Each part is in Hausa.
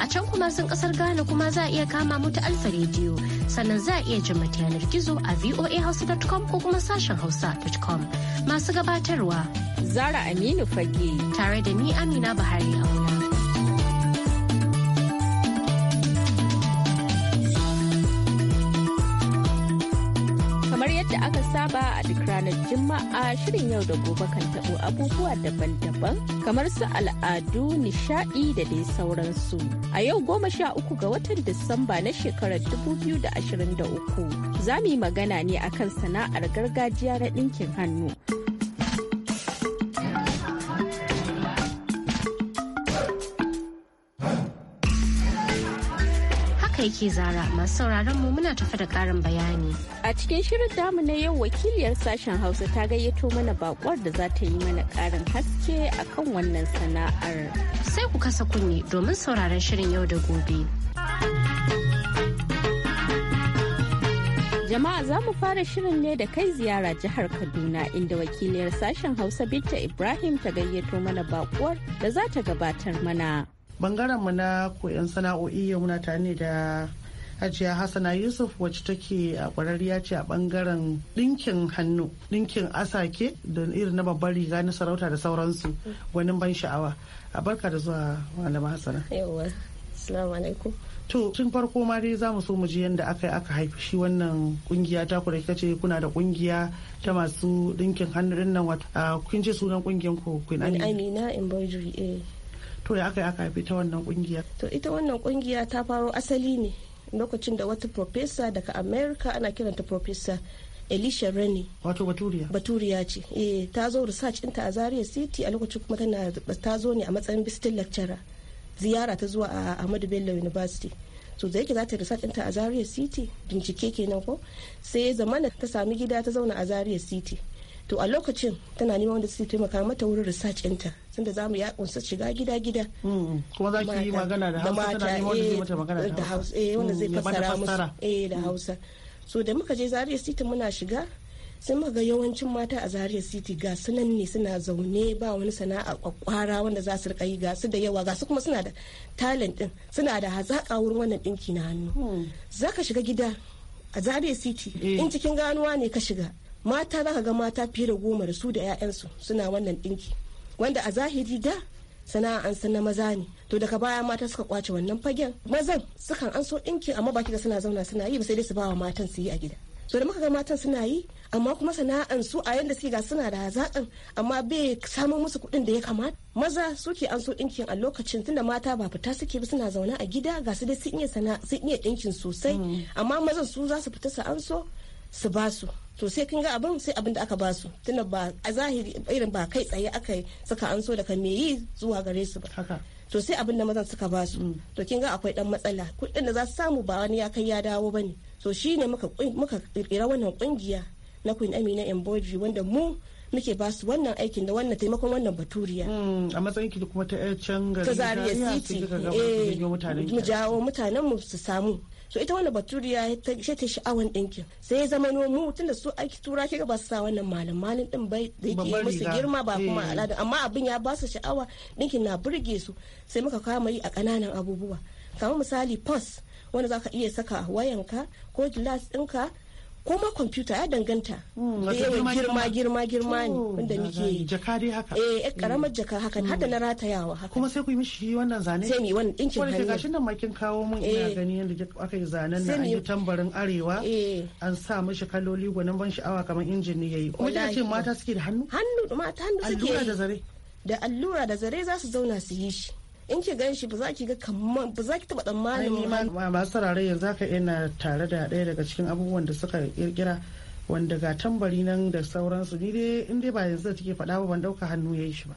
A can kuma sun kasar Ghana kuma za a iya kama mu ta Alfa rediyo sannan za a iya jin yanar gizo a voahausa.com ko kuma sashen hausa.com. Masu gabatarwa Zara Aminu Fage tare da ni Amina Buhari Auna. saba a duk ranar Juma'a shirin yau da gobe kan taɓo abubuwa daban-daban kamar su al'adu, nishaɗi da dai sauransu. A yau goma sha uku ga watan Disamba na shekarar dubu biyu da da ashirin uku za mu yi magana ne akan sana'ar gargajiya na ɗinkin hannu. aiki zara masu sauraron mu muna tafi da karin bayani. A cikin shirin damu na yau wakiliyar sashen Hausa ta gayyato mana bakwar da za ta yi mana karin haske akan wannan sana'ar. Sai ku kasa kunne domin sauraron shirin yau da gobe. Jama'a za mu fara shirin ne da kai ziyara jihar Kaduna inda wakiliyar sashen Hausa Binta Ibrahim ta gayyato mana bakuwar da za ta gabatar mana. bangaren mu na koyon sana'o'i yau muna tare ne da hajiya hassana yusuf wacce take a kwararriya ce a bangaren dinkin hannu dinkin asake da irin na babbar riga na sarauta da sauransu wani ban sha'awa a barka da zuwa malama hassana alaikum to tun farko ma dai za mu so mu ji yadda aka yi aka haifi shi wannan kungiya ta ku da kika ce kuna da kungiya ta masu dinkin hannu din nan wata kun ce sunan kungiyan ku Kun amina amina embroidery eh to ya aka aka haifi ta wannan kungiya to ita wannan kungiya ta faro asali ne lokacin da wata profesa daga america ana kiranta profesa elisha rene wato baturiya baturiya ce eh ta zo research ɗinta a zaria city a lokacin kuma tana ta zo ne a matsayin visiting lecturer ziyara ta zuwa a ahmadu bello university so da yake za ta research ɗinta a zaria city bincike kenan ko sai zamana ta sami gida ta zauna a zaria city to a lokacin tana neman wanda su taimaka mata wurin research ɗinta tunda za mu yaƙunsa shiga gida gida kuma za ki yi magana da hausa tana wanda zai eh, mata magana da hausa eh wanda zai fassara musu eh da hausa so da muka je Zaria City muna shiga sai muka ga yawancin mata a Zaria City ga sunan ne suna zaune ba wani sana'a kwakwara wanda za su rika yi ga su da yawa ga su kuma suna da talent din suna da hazaka wurin wannan dinki na hannu mm. za ka shiga gida a Zaria City eh. in cikin ganuwa ne ka shiga mata za ka ga mata fiye da goma da su da 'ya'yansu suna wannan dinki wanda a zahiri da sana'a ansa na maza ne to daga baya mata suka kwace wannan fagen mazan sukan an so dinki amma baki da suna zauna suna yi ba sai dai su bawa matan su yi a gida so da muka ga matan suna yi amma kuma sana'an su a yanda suke ga suna da hazaƙan amma bai samun musu kuɗin da ya kamata maza suke an so ɗinkin a lokacin tunda mata ba fita suke ba suna zauna a gida ga su dai sun iya ɗinkin sosai mm. amma mazan su za su fita su an so su basu. to sai kin ga abin sai abin da aka basu tunda ba a zahiri irin ba kai tsaye aka saka an so daga me yi zuwa gare su ba to sai abin da mazan suka basu mm. to kin ga akwai dan matsala kuɗin da za su samu ba wani ya kai ya dawo bane to shine muka muka kirkira wannan kungiya na Queen Amina Embodry wanda mu muke ba su wannan aikin da wannan taimakon wannan baturiya. Mm. A matsayin ki kuma ta can gari ta zariya city eh, mu jawo mutanen mu su samu so ita wannan baturiya ta ta sha'awan ɗinkin sai ya zama mu tun da su aiki tura ke ba su sa wannan malam malin ɗin bai da yake musu girma ba kuma eh. al'ada amma abin ya ba su sha'awa ɗinkin na burge su sai muka kama yi a ƙananan abubuwa kamar misali pos wanda zaka iya saka wayanka ko glass ɗinka ko ma kwamfuta ya danganta hmm, da yawan girma girma girma ne oh, wanda muke yi jaka dai haka eh, eh karamar hmm. jaka haka har da na hmm. ratayawa haka kuma sai ku yi mishi wannan zane sai mi wannan dinkin hannu gashin nan makin kawo mun ina eh. gani yadda aka yi zanen ne an yi tambarin arewa eh. an sa mishi kaloli gwanin ban sha'awa kamar injin ne yayi kuma ce mata suke da hannu hannu mata hannu suke allura da zare da allura da zare za su zauna su yi shi in ki gan shi ba za ki ga kamar ba za ki taba tsammanin ma masu sarare yanzu haka ina tare da ɗaya daga cikin abubuwan da suka kirkira wanda ga tambari nan da sauransu ni dai in dai ba yanzu da take faɗa ba ban ɗauka hannu ya shi ba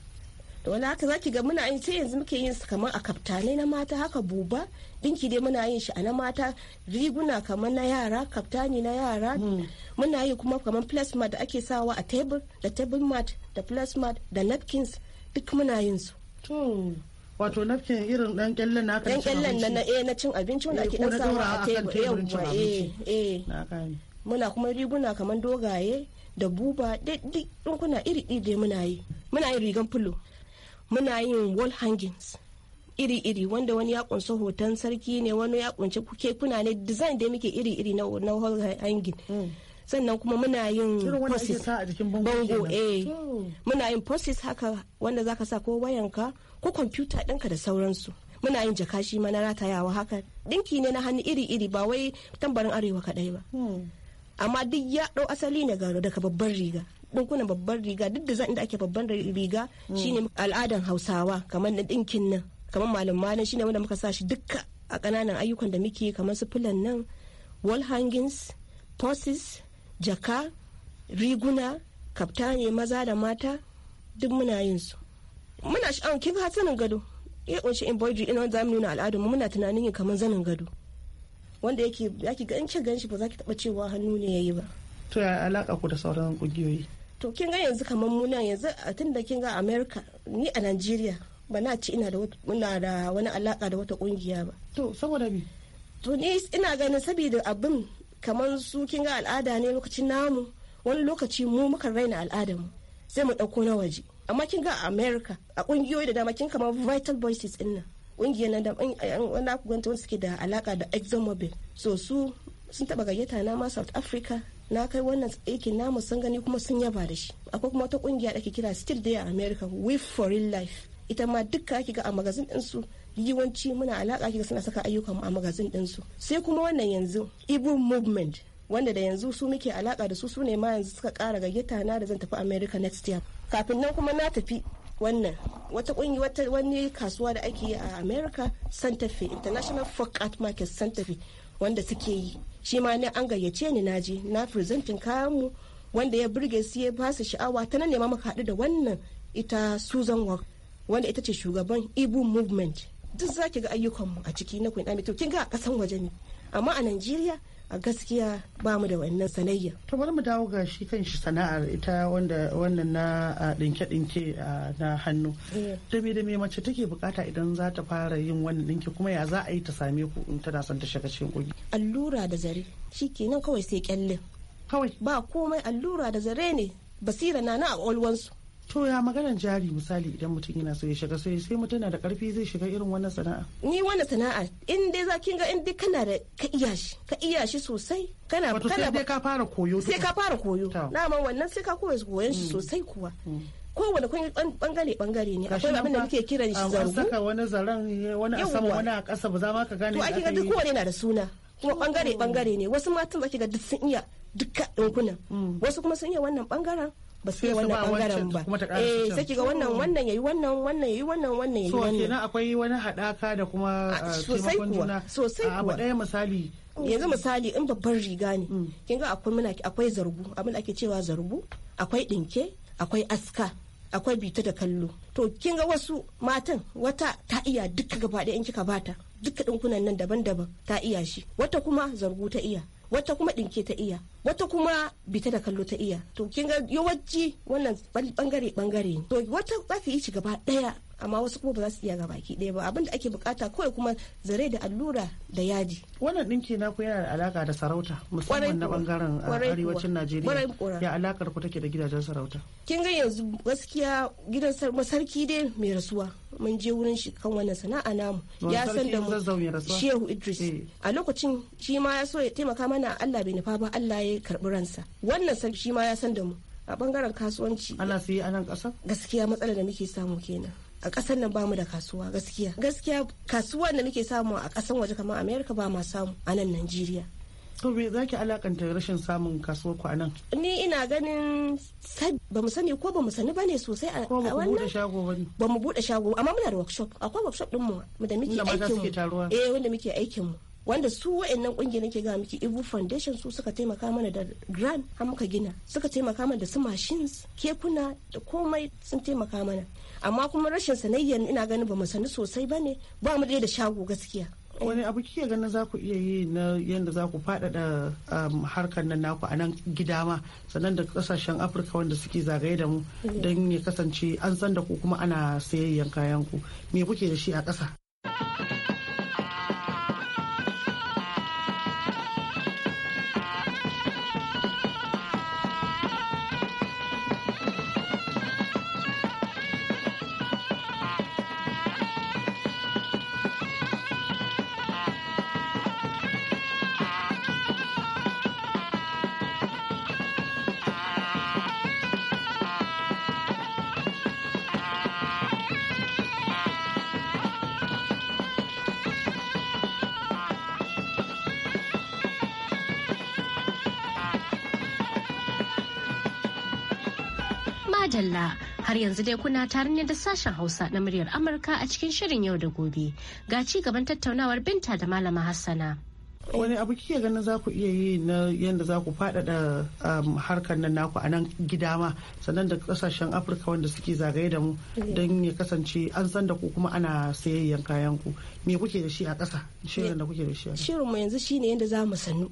to wani haka zaki ga muna yin sai yanzu muke yin su kamar a kaftanai na mata haka buba dinki dai muna yin shi a na mata riguna kamar na yara kaftani na yara hmm. muna yi kuma kamar plasmat da ake sawa a table da table mat da plasmat da napkins duk muna yin su wato nafkin irin dan kyallen na kan kyallen na eh na cin abinci wanda eh, ake dan sawa a tebur eh eh muna kuma riguna kamar dogaye da buba duk kuna iri iri dai muna yi muna yin rigan fulo muna yin wall hangings iri iri wanda wani ya kunsa hoton sarki ne wani ya kunci kuna ne design dai muke iri iri na wall hanging hmm. sannan kuma muna yin posis bango eh hmm. muna yin posis haka wanda zaka sa ko wayanka ko kwamfuta ɗinka da sauransu muna yin jaka shi ma na ratayawa haka ɗinki ne na hannu iri-iri ba wai tambarin arewa kaɗai ba hmm. amma duk ya ɗau asali ne ga daga babban riga ɗinkunan babban riga duk da zan da ake babban riga hmm. shine al'adan hausawa kamar na ɗinkin nan kamar malam malam shine wanda muka sa shi dukka a ƙananan ayyukan da muke kamar su fulan nan wall hangings purses jaka riguna kaftane maza da mata duk muna yin su muna shi um, kin ha sanin gado ya kunshi embroidery din wanda zamu nuna al'adun mu muna tunanin yin kamar zanin gado wanda yake zaki ga in shi ganshi ba ki taba cewa hannu ne yayi ba to ya alaka ku da sauran kungiyoyi to kin ga yanzu kamar mu nan yanzu tunda kin ga America ni a Nigeria ba na ci ina da da wani alaka da wata kungiya ba to saboda me to ni ina ganin saboda abin kamar su kin ga al'ada ne lokacin namu wani lokaci mu muka raina al'adar mu sai mu dauko na waje amma kin ga america a kungiyoyi da dama kin kamar vital voices din nan kungiyar nan da wanda ku ganta wanda suke da alaka da exxonmobil so su sun taba gayyata na ma south africa na kai wannan aikin namu sun gani kuma sun yaba da shi akwai kuma wata kungiya da ake kira still there america we for real life ita ma dukka ake ga a magazin din su yawanci muna alaka kika suna saka ayyukan mu a magazin din su sai kuma wannan yanzu ibu movement wanda da yanzu su muke alaka da su su ne ma yanzu suka kara gayyata na da zan tafi america next year kafin nan kuma na tafi wannan wata kungi wata wani kasuwa da ake yi a america santa fe international folk art market santa fe wanda suke yi shi ma ne an gayyace ni naje na presenting kayan mu wanda ya burge su ya ba sha'awa ta nan ne ma haɗu da wannan ita susan wanda ita ce shugaban ibu movement duk za ki ga ayyukanmu a ciki na kun to kin ga a kasan waje ne amma a najeriya a gaskiya ba mu da wannan sanayya. ta bari mu dawo ga shi kan shi sana'ar ita wanda wannan na dinke dinke na hannu eh. dame-dame da mace take bukata idan za ta fara yin wannan dinke kuma ya za a yi ta same ku in tana son ta shiga cikin kogi allura da zare shikenan kawai sai kyalle kawai ba komai allura da zare ne basira na na a olwansu to ya maganar jari misali idan mutum yana so ya shiga ya sai mutum na da karfi zai shiga irin wannan sana'a ni wannan sana'a in dai za kin ga in dai kana da ka iya shi ka iya shi sosai kana wato sai dai ka fara koyo sai ka fara koyo na ma wannan sai ka koya koyon shi mm. sosai kuwa mm. kowane kun bangare bangare ne akwai abin da muke kiran shi zargu saka wani zaran wani a sama wani a kasa ba za ma ka gane to ake ga duk kowane na da suna kuma bangare bangare ne wasu matan zaki ga duk sun iya duka dinkunan mm. wasu kuma sun iya wannan bangaren ba su wannan bangaren ba eh sai kiga wannan wannan yayi wannan wannan yayi wannan wannan yayi wannan so kenan akwai wani hadaka da kuma ah, ah, sosai kuwa sosai ah, kuwa a daya misali yanzu misali in babban riga ne mm. kin ga akwai muna akwai zargu abin da ake cewa zargu akwai dinke akwai aska akwai bita da kallo to kin ga wasu matan wata ta iya duka gaba ɗaya in kika bata duka dinkunan nan daban-daban ta iya shi wata kuma zargu ta iya wata kuma ɗinke ta iya wata kuma bita da kallo ta iya to kin ga yawanci wannan bangare bangare ne to wata za ta yi ci gaba ɗaya amma wasu kuma ba za su iya ki ɗaya ba abin da ake bukata kawai kuma zare da allura da yaji wannan ɗinki na ku yana da alaka da sarauta musamman na bangaren ah, arewacin najeriya ya alakar ku take da gidajen sarauta kin ga yanzu gaskiya gidan sarki dai mai rasuwa mun je wurin shi kan wannan sana'a namu ya san da mu shehu idris eh. a lokacin shi ma ya so ya taimaka mana allah bai nufa ba allah ya karbi ransa wannan shi ma ya san da mu a bangaren kasuwanci ana su yi a nan ƙasa gaskiya matsalar da muke samu kenan a ƙasar nan bamu da kasuwa gaskiya gaskiya kasuwa da muke samu a ƙasan waje kamar america ba ma samu a nan najeriya to me zaki alakanta rashin samun kasuwar ku anan ni ina ganin ba mu sani ko ba mu sani bane sosai a wannan ba mu bude shago amma muna da workshop akwai workshop din mu da muke aikin mu eh wanda muke aikin mu wanda su wa'annan kungiyar ke ga miki ibu foundation su suka taimaka mana da grant har muka gina suka taimaka mana da su machines kekuna da komai sun taimaka mana amma kuma rashin sanayyar ina ganin mu sani sosai ba ne ba mu da shago gaskiya wani abu kike ganin za ku iya yi na yadda za ku faɗaɗa um, harkar nan naku a nan gida ma sannan da kasashen afirka wanda suke zagaye da mu mm. don ya kasance an san da ku kuma ana sayayyan kayan ku me kuke da shi a ƙasa dai kuna tare ne da sashen Hausa na muryar Amurka a cikin shirin yau da gobe. Ga ci gaban tattaunawar Binta da Malama Hassana. wani abu kike ganin za ku iya yi na yadda za ku faɗaɗa um, harkar nan naku a nan gida ma sannan da kasashen afirka wanda suke zagaye da mu don ya kasance an san da ku kuma ana sayayyan kayan ku me kuke da shi a ƙasa shirin da kuke da shi shirin mu yanzu shine yadda za mu sanu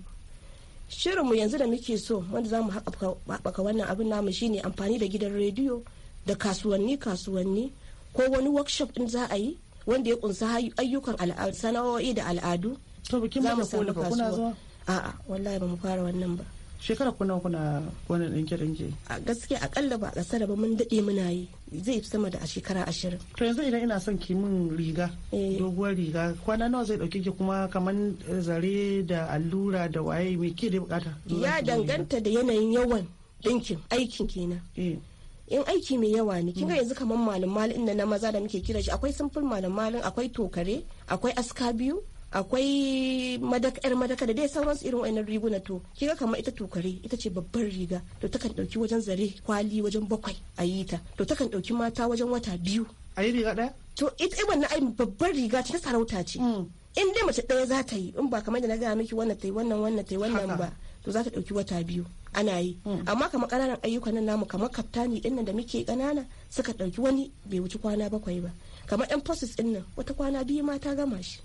shirin mu yanzu da muke so wanda za mu haɓaka wannan abin namu shine amfani da gidan rediyo da kasuwanni kasuwanni ko wani workshop din za a yi wanda ya kunsa ayyukan sana'o'i da al'adu to bikin za mu kuna zuwa? a'a wallahi ba mu fara wannan ba shekara kuna kuna wani ɗinke ɗinke a gaskiya akalla ba a ƙasar ba mun daɗe muna yi zai fi sama da a shekara ashirin to yanzu idan ina son mun riga eh. doguwar riga kwana nawa zai ɗauke ki kuma kamar eh, zare da allura da waye me ke da bukata ya danganta da yanayin yawan ɗinkin aikin kenan eh. in aiki mai yawa ne kinga mm. yanzu kamar malam malin na maza da muke kira shi akwai simple malam malin akwai tokare akwai aska biyu akwai madaka yar madaka da dai sauransu irin wayannan riguna to kiga kamar ita tokare ita ce babbar riga to takan dauki wajen zare kwali wajen bakwai a yi ta to takan dauki mata wajen wata biyu a yi riga daya to ita wannan ai babbar riga ce ta sarauta ce mm. in dai mace ɗaya za ta yi in ba kamar da na gaya miki wannan ta wannan wannan ta wannan ba to za ta ɗauki wata biyu ana yi hmm. amma kamar ƙananan ayyukan nan namu kamar kaftani din nan da muke ƙanana suka ɗauki wani bai wuci kwana bakwai ba kamar yan process din nan wata kwana biyu ma ta gama shi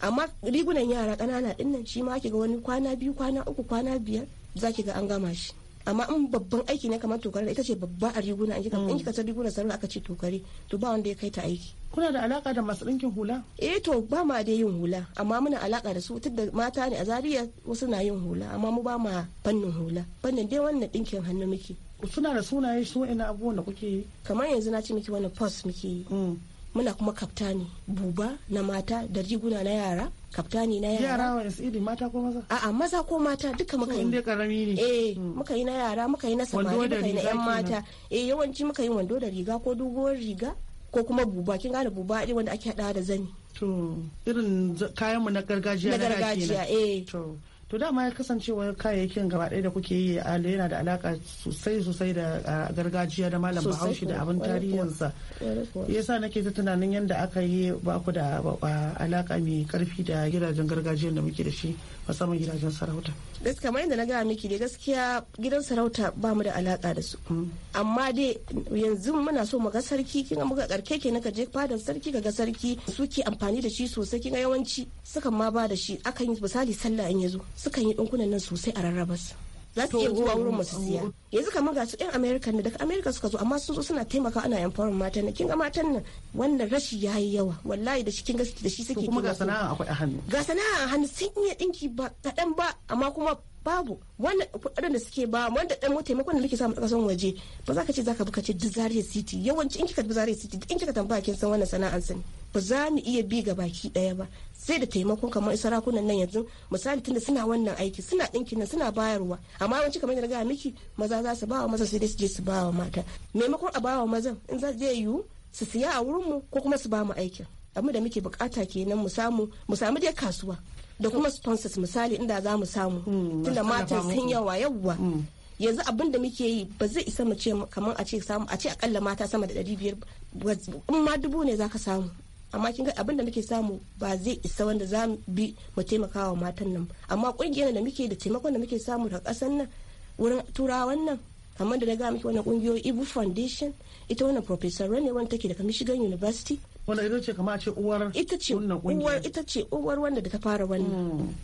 amma rigunan yara kanana din nan shi ma ake ga wani kwana biyu kwana uku kwana biyar zaki ga an gama shi amma in babban aiki ne kamar tokari ita ce babba a riguna in kika in kika ta riguna sarrafa aka ce tokari to ba wanda ya kai ta aiki kuna da alaka da masu dinkin hula eh to ba ma da yin hula amma muna alaka da su tunda mata ne a Zariya wasu na yin hula amma mu ba ma fannin hula fannin dai wannan dinkin hannu muke suna da sunaye su ina abubuwan da kuke yi kamar yanzu na ce miki wani post muke yi mm. muna kuma kaftani buba na mata da riguna na yara kaftani na yara yara wani iri mata ko maza a'a maza ko mata duka muka yi karami ne eh hmm. muka yi na yara muka yi na samari muka yi na yan mata eh yawanci muka yi wando da riga ko doguwar riga ko kuma buba kin gane buba irin wanda ake hada da zani to irin kayan mu na gargajiya na gargajiya eh to to dama ya kasancewa kayayyakin gaba ɗaya da kuke yi a yana da alaka sosai sosai da gargajiya da malam bahaushe da abin tarihinsa yasa nake ta tunanin yadda aka yi ba da alaka mai karfi da gidajen gargajiyar da muke da shi musamman gidajen sarauta gaskiya kamar yadda na gaya miki dai gaskiya gidan sarauta ba mu da alaka da su mm. amma dai yanzu muna so mu ga sarki kin muka karke ke naka je fadan sarki ka ga sarki suke amfani da shi sosai kin yawanci sukan ma ba da shi akan yi misali sallah in yazo sukan yi dinkunan nan sosai a su. za ta iya zuwa wurin masu siya oh, oh. yanzu kamar ga su yan amerika ne daga america suka zo amma sun zo suna taimaka ana empower matan nan kin ga matan nan wannan rashi ya yi yawa wallahi da shi kin da shi suke kuma ga sana'a akwai a hannu ga sana'a a hannu sun iya dinki ba kaɗan ba amma kuma babu wannan kuɗin da suke ba wanda dan taimakon da nake samu kasan waje ba za ka ce za ka buka ce Zaria City yawanci in kika bi Zaria City in kika tambaya kin san wannan sana'an sani ba za mu iya bi ga baki daya ba sai da taimakon kamar sarakunan nan yanzu misali tunda suna wannan aiki suna ɗinkin nan suna bayarwa amma yawanci kamar yadda ga miki maza za su bawa maza sai dai su je su bawa mata maimakon a bawa maza in za zai yiwu su siya a wurinmu ko kuma su ba mu aikin abin da muke bukata kenan mu samu mu samu dai kasuwa da kuma sponsors misali inda za mu samu hmm, tunda matan sun yawa yawa hmm. yanzu abin da muke yi ba zai isa mu ce kamar a ce samu a ce akalla mata sama da 500 biyar in ma dubu ne zaka samu amma kin ga abin da muke samu ba zai isa wanda za mu bi mu taimaka wa matan nan amma kungiyar da muke da taimakon da muke samu daga kasan nan wurin turawa wannan kamar da na ga miki wannan kungiyoyi ibu foundation ita wannan professor ne wanda take daga michigan university wanda ita ce kama a ce uwar ita ce uwar ita ce uwar wanda da ta fara wannan hmm.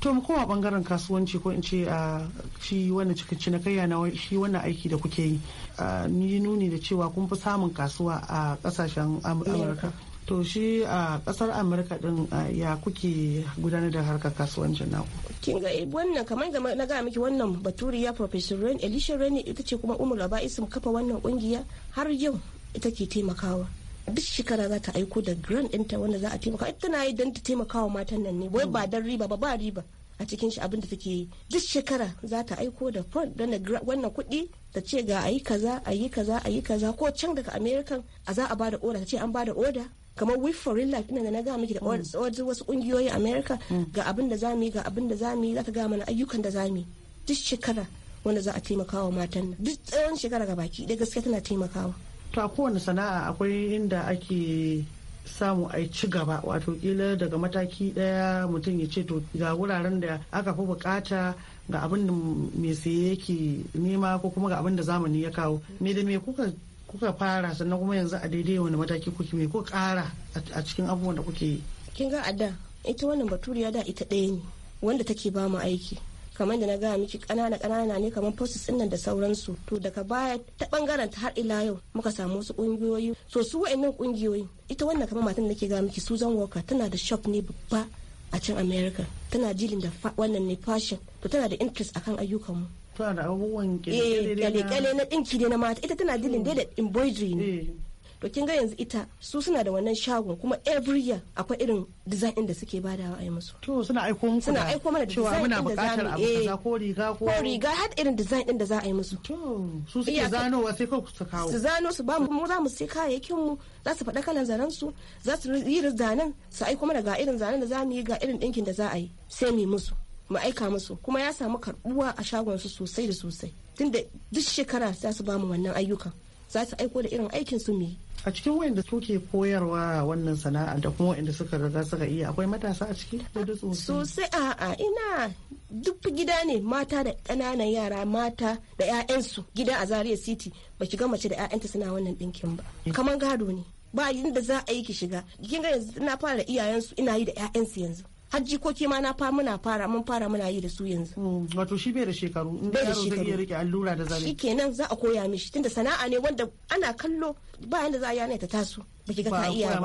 to mu koma bangaren kasuwanci ko in ce a ah, shi wannan cikin cinikayya na shi wannan aiki da kuke yi ah, ni nuni da cewa kun fi samun kasuwa a kasashen amurka to shi a ah, kasar amurka din ya kuke gudanar da harkar kasuwancin naku kin ga eh, wannan kamar da na ga miki wannan baturiya professor ren elisha ren ita ce kuma umar isim kafa wannan kungiya har yau ita ke taimakawa duk shekara za ta aiko da grant ɗinta wanda za a taimaka ita na yi don ta taimaka wa matan nan ne wai ba dan riba ba ba riba a cikin shi abinda take yi duk shekara za ta aiko da fund don wannan kuɗi ta ce ga ayi kaza ayi kaza ayi kaza ko can daga american a za a bada oda ta ce an ba da oda kamar we for real life ina da na ga miki da mm. wasu kungiyoyi america mm. ga abin da zamu yi ga abin da zamu yi za ta ga mana ayyukan da zamu yi duk shekara wanda za a taimakawa matan duk tsawon shekara ga baki da gaskiya tana taimakawa to a kowane sana'a akwai inda ake samu a ci gaba wato kila daga mataki daya mutum ya ce to ga wuraren da aka fi bukata ga abin da mai saye yake nema ko kuma ga abin da zamani ya kawo me da me kuka kuka fara sannan kuma yanzu a daidai wani mataki kuke me ko kara a cikin abubuwan da kuke yi kin ga a ita wannan baturiya da ita ɗaya ne wanda take bamu aiki kamar da na gaya miki kanana kanana ne kamar posts din nan da sauransu to daga baya ta bangaren ta har ila yau muka samu wasu kungiyoyi so su wa'annan kungiyoyi ita wannan kamar matan da nake gaya miki Susan Walker tana da shop ne babba a can America tana jilin da wannan ne fashion to tana da interest akan ayyukan mu tana da abubuwan kyale-kyale eh, na dinki ne na mata ita tana dilin dai da embroidery ne eh. to kin ga yanzu ita su suna da wannan shagon kuma every year akwai irin design din da suke badawa a yi musu to suna aiko muku suna aiko mana da cewa muna da abu kaza eh. ko riga ko riga har irin design din da za a yi musu to su suke wa sai ko su kawo su zano su ba mu za mu sai kayayyakin mu za su faɗa kalan zaren su za su yi zanen su aiko mana ga irin zanen da za mu yi ga irin ɗinkin da za a yi sai mu yi musu mu aika musu kuma ya samu karbuwa a shagon su sosai da sosai tunda duk shekara za su bamu wannan ayyukan za su aiko da irin aikin su me. a cikin wayanda suke koyarwa wannan sana'a da kuma wayanda suka riga suka iya akwai matasa a ciki sosai a a ina duk gida ne mata da ƙananan yara mata da 'ya'yansu gida a zaria city ba ki ga mace da 'ya'yanta suna wannan ɗinkin ba kamar gado ne ba da za a yi ki shiga kin ga yanzu na fara da iyayensu ina yi da 'ya'yansu yanzu har jikoki ma na fa muna fara mun fara muna yi da su yanzu mm, wato shi bai da shekaru bai da shekaru zai rike allura da zare shikenan za a koya mishi tunda sana'a ne wanda ana kallo ba yanda za a yana ta taso baki ga ta iya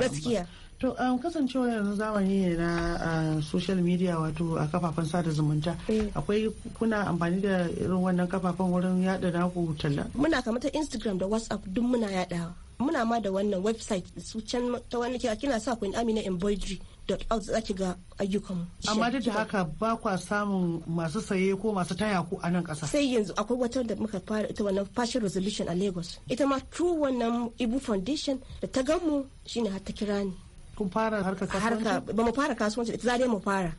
gaskiya To um, kasancewa yanzu zamani ne na uh, social media wato a kafafen sada zumunta. Eh. Akwai kuna amfani da irin wannan kafafen wurin yada naku talla? Muna kamar ta Instagram da WhatsApp duk muna yadawa. Muna ma da wannan website su can ta wani kira kina sa ku Amina embroidery da za ki ga ayyukanmu. Amma duk da haka ba kwa samun masu saye ko masu taya ku a nan ƙasa. Sai yanzu akwai wata da muka fara ita wannan fashion resolution a Lagos. Ita ma true wannan Ibu Foundation da ta gamu shine har ta kira ni. Kun fara harkar kasuwanci? Ba mu fara kasuwanci ita zare mu fara.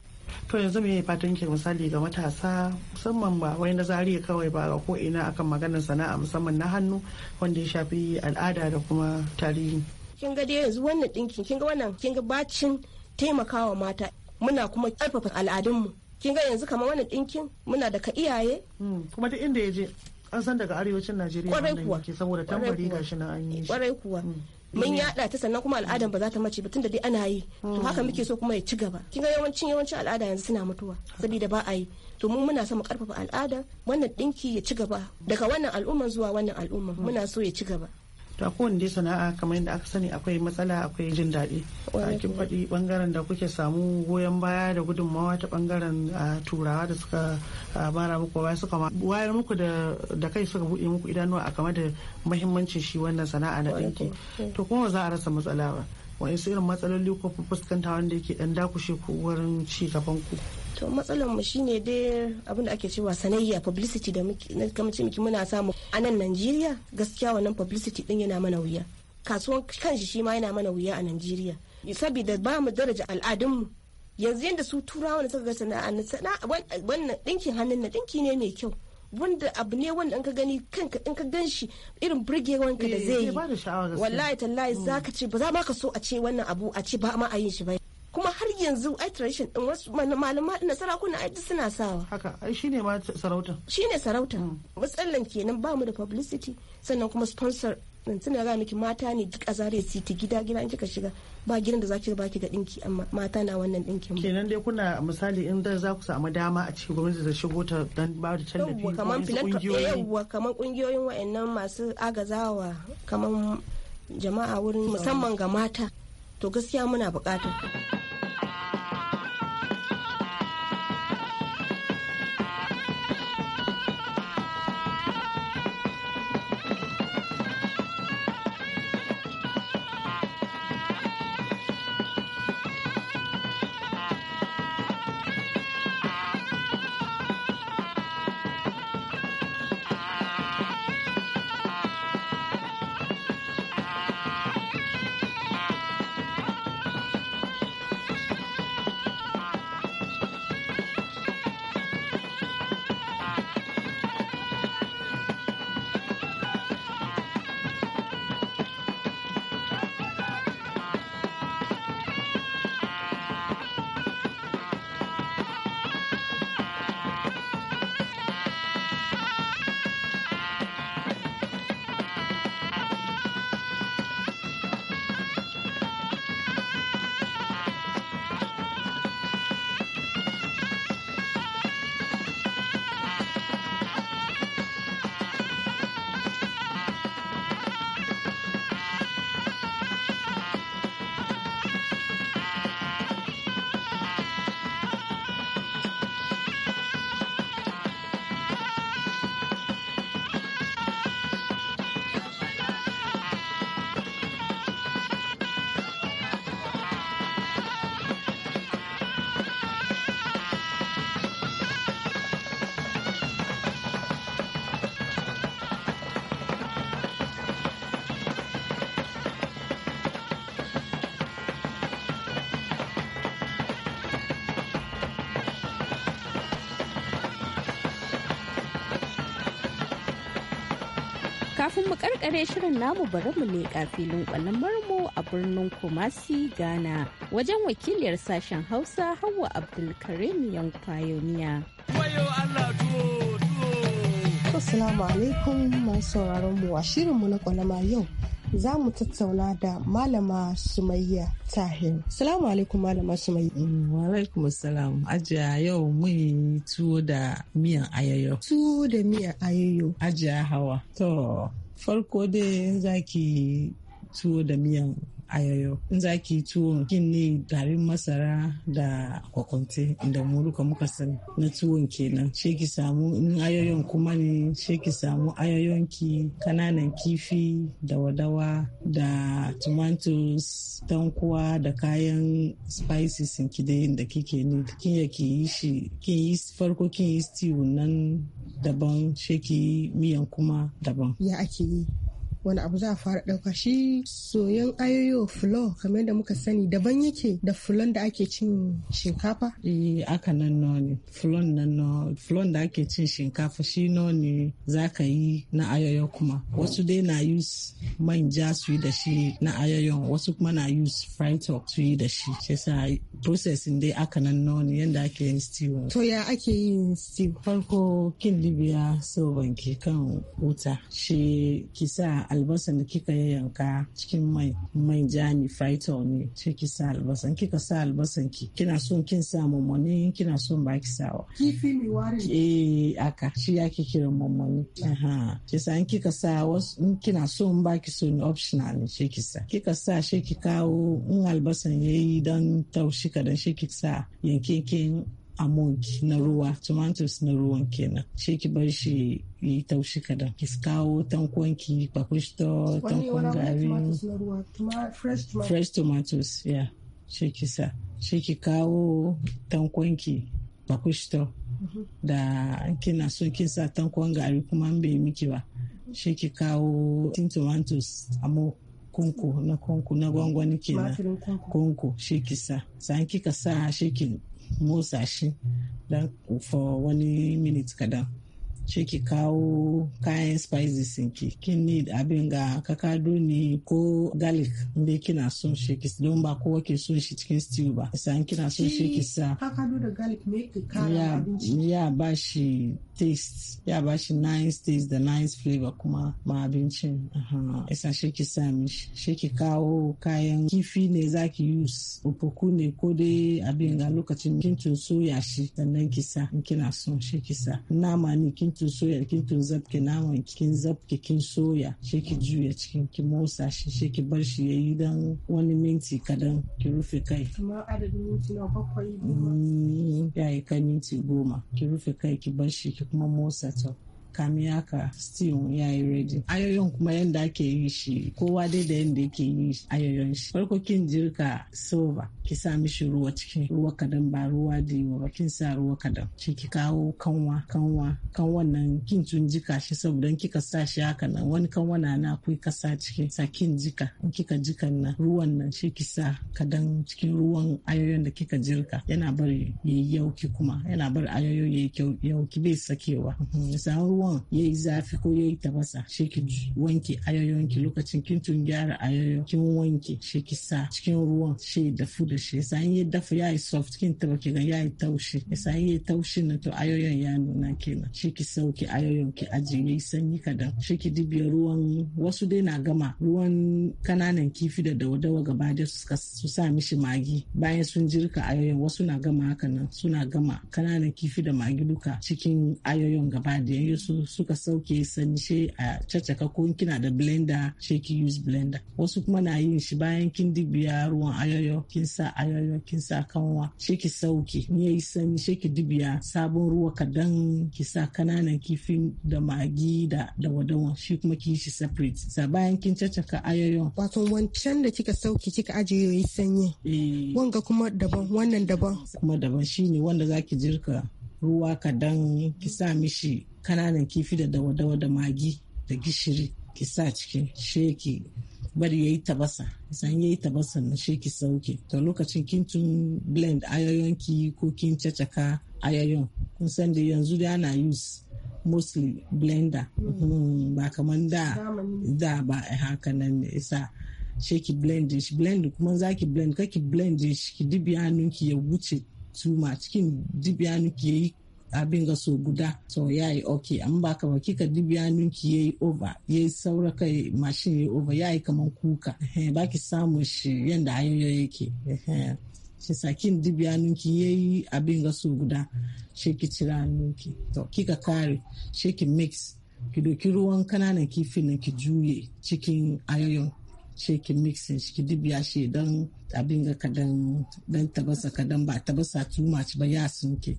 to yanzu me fatan ke misali ga matasa musamman ba wai na zariya kawai ba ga ko ina akan maganar sana'a musamman na hannu wanda ya shafi al'ada da kuma tarihi kin ga dai yanzu wannan dinkin kin ga wannan kin ga bacin taimakawa mata muna kuma ƙarfafa al'adunmu kin ga yanzu kamar wannan ɗinkin muna da ka iyaye hmm, kuma duk inda ya je an san daga arewacin najeriya kwarai kuwa saboda tambari gashi na an yi kwarai kuwa hmm. mun yada ta sannan kuma al'adan ba za ta mace ba tunda dai ana yi to haka hmm. muke so kuma ya ci gaba kin ga yawancin yawancin al'ada yanzu suna mutuwa saboda ba a yi to mu muna so mu karfafa al'ada wannan dinki ya ci gaba daga wannan al'umman zuwa wannan al'umman muna so ya ci gaba ta a kowane dai sana'a kamar yadda aka sani akwai matsala akwai jin daɗi a kin faɗi ɓangaren da kuke samu goyon baya da gudunmawa ta ɓangaren turawa da suka mara muku baya suka wayar muku da kai suka buɗe muku idanuwa a game da mahimmancin shi wannan sana'a na ɗinki mm. to kuma za a rasa matsala ba wa'insu irin matsaloli ko fuskanta wanda yake ɗan dakushe ku wurin ci gaban ku to matsalar mu shine dai abin da ake cewa sanayya publicity da muke miki muna samu a nan Najeriya gaskiya wannan publicity din yana mana wuya kasuwan kanshi shi ma yana mana wuya a Najeriya saboda ba mu daraja al'adunmu yanzu yanda su turawa da suka ga sana'a wannan dinkin hannun na dinki ne mai kyau wanda abu ne wanda ka gani kanka in ka gan shi irin burgewanka da eh, zai yi wallahi tallahi ka ce ba za ma ka so a ce wannan abu a ce ba ma a yin shi ba kuma har yanzu ai tradition din wasu malama na sarakuna ai suna sawa haka ai shine ma sarauta shine sarauta mm. matsalan kenan ba mu da publicity sannan kuma sponsor nan tunda ga miki mata ne duk azare su ta gida gida in kika shiga ba gidan da zaki baki ga dinki amma mata na wannan dinkin kenan dai kuna misali in da za ku samu dama a cikin gwamnati ta shigo ta dan ba da tallafi kaman filan kamar kungiyoyin wayannan masu agazawa kaman jama'a wurin musamman ga mata to gaskiya muna bukata. kafin mu karkare shirin namu bari mu leƙa filin kwallon mu a birnin Kumasi, Ghana, wajen wakiliyar sashen Hausa Hauwa Abdulkarim yan Pioneer. Assalamu alaikum mai sauraron mu a mu na kwalama yau za mu tattauna da malama sumayya tahir salamu alaikum malama sumayya wa alaikum salam ajiya yau mun tuwo da miyan ayayo tuwo da miyan ayayo ajiya hawa to farko dai za ki tuwo da miyan ayoyo in za ki tuwo kin ne garin masara da kwakwante da muruka muka sani na tuwon kenan she ki samu in ayoyon kuma ne she ki samu ayoyon ki kananan kifi da wadawa da tomatoes tankuwa da kayan spices ki da kike ne kin ya ki yi farko kin yi stew nan daban sheki miyan kuma daban ya ake yi wani abu za a fara ɗauka shi soyon ayoyo fulo kamar yadda muka sani daban yake da fulon da ake cin shinkafa? Eh aka nan ne fulon nan no fulon da ake cin shinkafa shi no ne za ka yi na ayoyo kuma wasu dai na use manja su yi da shi na ayoyon wasu kuma na use fried talk su yi da shi shi sa processing dai aka nan no ne yadda ake yin stew. To ya ake yin stew? Farko kin libiya so banki kan wuta shi kisa albasan da kika yanka cikin mai mai jami fito ne ce ki sa albasan kika sa albasan ki kina son kin sa mamoni kina son ba ki sawa kifi mai ware eh aka shi yake kira mamoni aha ki sa in kika sa wasu in kina son ba ki so ne optional ne ce ki sa kika sa shi ki kawo in albasan yayi dan taushi kadan shi ki sa yankin amount na ruwa tomatoes na ruwan kenan shi ki bar shi yi taushi kadan ki kawo tankwanki bakushto tankon gari fresh tomatoes ya shi ki sa shi ki kawo tankwanki bakushto mm-hmm. da kina so kin sa tankon gari kuma bai miki ba shi ki kawo tin tomatoes amo kunku na kunku na gwangwani kenan kunku shi ki sa san kika sa shi ki motsa shi da for wani minute kadan ce ki kawo kayan spices ki kin need abin ga kakado ne ko garlic inda kina son shi ki don ba kowa ke son shi cikin stew ba san kina son shi ki sa kakado da garlic me ki kara abinci ya ba shi taste ya ba shi nice taste da nice flavor kuma ma abincin isa shi ki sa shi ki kawo kayan kifi ne za ki use ufuku ne ko dai abin ga lokacin kin soya shi sannan ki sa in kina son shi ki sa nama ne kin soya ya kin tun nama kin zabke kin soya shi ki juya cikin ki motsa shi shi ki bar shi yayi dan wani minti kadan ki rufe kai kamar adadin minti nawa bakwai mm, ya yi kai minti goma ki rufe kai ki bar shi more setup. kamiyaka stew ya yi ready ayoyon kuma yadda ake yi shi kowa dai da yadda yake yi ayoyon shi farko kin jirka silver ki sa mishi ruwa cikin ruwa kadan ba ruwa da yi ba kin sa ruwa kadan shi ki kawo kanwa kanwa kanwan nan kin tun jika shi saboda kika sa shi haka nan wani kanwa na na ka kasa cikin sa kin jika in kika jika nan ruwan nan shi ki sa kadan cikin ruwan ayoyon da kika jirka yana bari yayi yauki kuma yana bari ayoyon yayi yauki bai sakewa mhm, samu ruwan ya yi zafi ko ya yi tabasa, shi ki mm. wanke ayoyon ki lokacin kin tun gyara ayoyon kin wanke shi ki sa cikin ruwan shi dafu da shi yasa in ya dafu ya yi soft kin taba ki ga ya yi taushi yasa in ya taushi na to ayoyon ya nuna kenan shi ki sauki ayoyon ki aji ya yi sanyi kadan shi ki dibiya ruwan wasu dai na gama ruwan kananan kifi da dawa-dawa gaba da su sa mishi magi bayan sun jirka ayoyon wasu na gama haka nan suna gama kananan kifi da magi duka cikin ayoyon gaba da yanzu su suka sauke sance a caccaka ko kina da blender she ki use blender wasu kuma na yin shi bayan kin dibiya ruwan ayoyo kin sa ayoyo kin sa kanwa she ki sauke ni yayi sanyi she ki dibiya sabon ruwa kadan ki sa kananan kifin da magi da wadawa shi kuma ki shi separate sa bayan kin caccaka ayoyon wato wancan da kika sauke kika ajiye yayi sanyi eh. wanga kuma daban wannan daban kuma daban shine wanda zaki jirka ruwa kadan ki sa mishi kananan kifi da dawa-dawa da magi da gishiri ki sa cikin sheki bari ya yi tabasa san ya yi tabasa na sheki sauke to lokacin kin tun blend ayoyon ki ko kin cacaka ayoyon kun san da yanzu da ana use mostly blender mm, ba kamar da da ba haka nan ne isa sheki blend shi blend kuma zaki blend kaki blend shi ki dibi hannun ki ya wuce su ma cikin dibiya ya yi abin ga so guda to ya yi ok amma ba ka kika dibiya Ya yayi over yi saura kai mashin yayi over yi kaman kuka ba ki samu shi yadda hanyoyi yake shi sakin dibiya ya yi abin ga so guda shi ki cira nuki to kika kare shi ki mix ki doki ruwan kananan kifin ki juye cikin ayoyin shekin ki mixin shi ki dibiya shi don abin ga kadan dan tabasa kadan ba tabasa too much ba ya sunke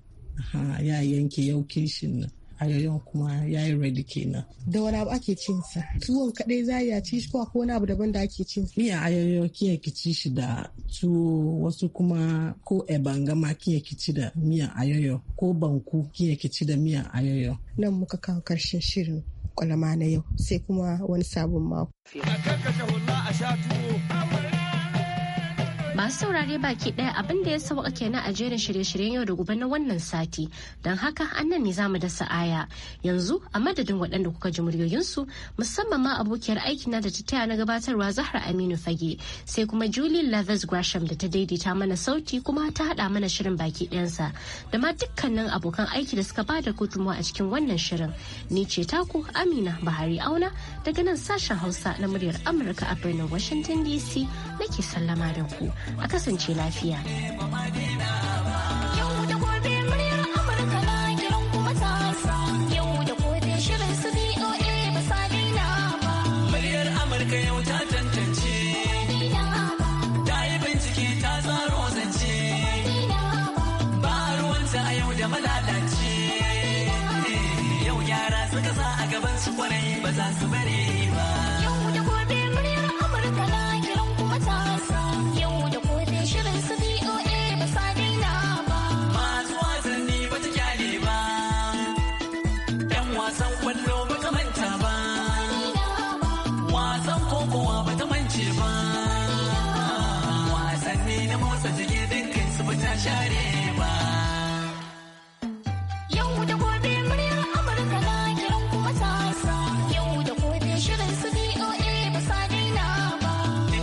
ya yanke yau kishin nan ayoyin kuma ya yi ready kenan. Da wani abu ake cin sa? Tuwon kadai za a ci shi ko wani abu daban da ake cin sa? Iya ayoyin kiya ki ci shi da tuwo wasu kuma ko ebanga ma kiya ki ci da miyan ayoyo ko banku kiya ki ci da miya ayoyo. Nan muka kawo karshen shirin kwalama na yau sai kuma wani sabon mako. Masu saurare baki ɗaya abin da ya sauka kenan a jerin shirye-shiryen yau da gobe na wannan sati. Don haka an nan ne za mu dasa aya. Yanzu a madadin waɗanda kuka ji muryoyinsu musamman ma abokiyar aiki na da ta taya na gabatarwa Zahra Aminu Fage sai kuma Julie Lathers Gresham da ta daidaita mana sauti kuma ta haɗa mana shirin baki ɗayansa da ma dukkanin abokan aiki da suka bada gudunmawa a cikin wannan shirin. Ni ce taku Amina Bahari Auna daga nan sashen Hausa na muryar Amurka a birnin Washington DC nake sallama da ku a kasance lafiya.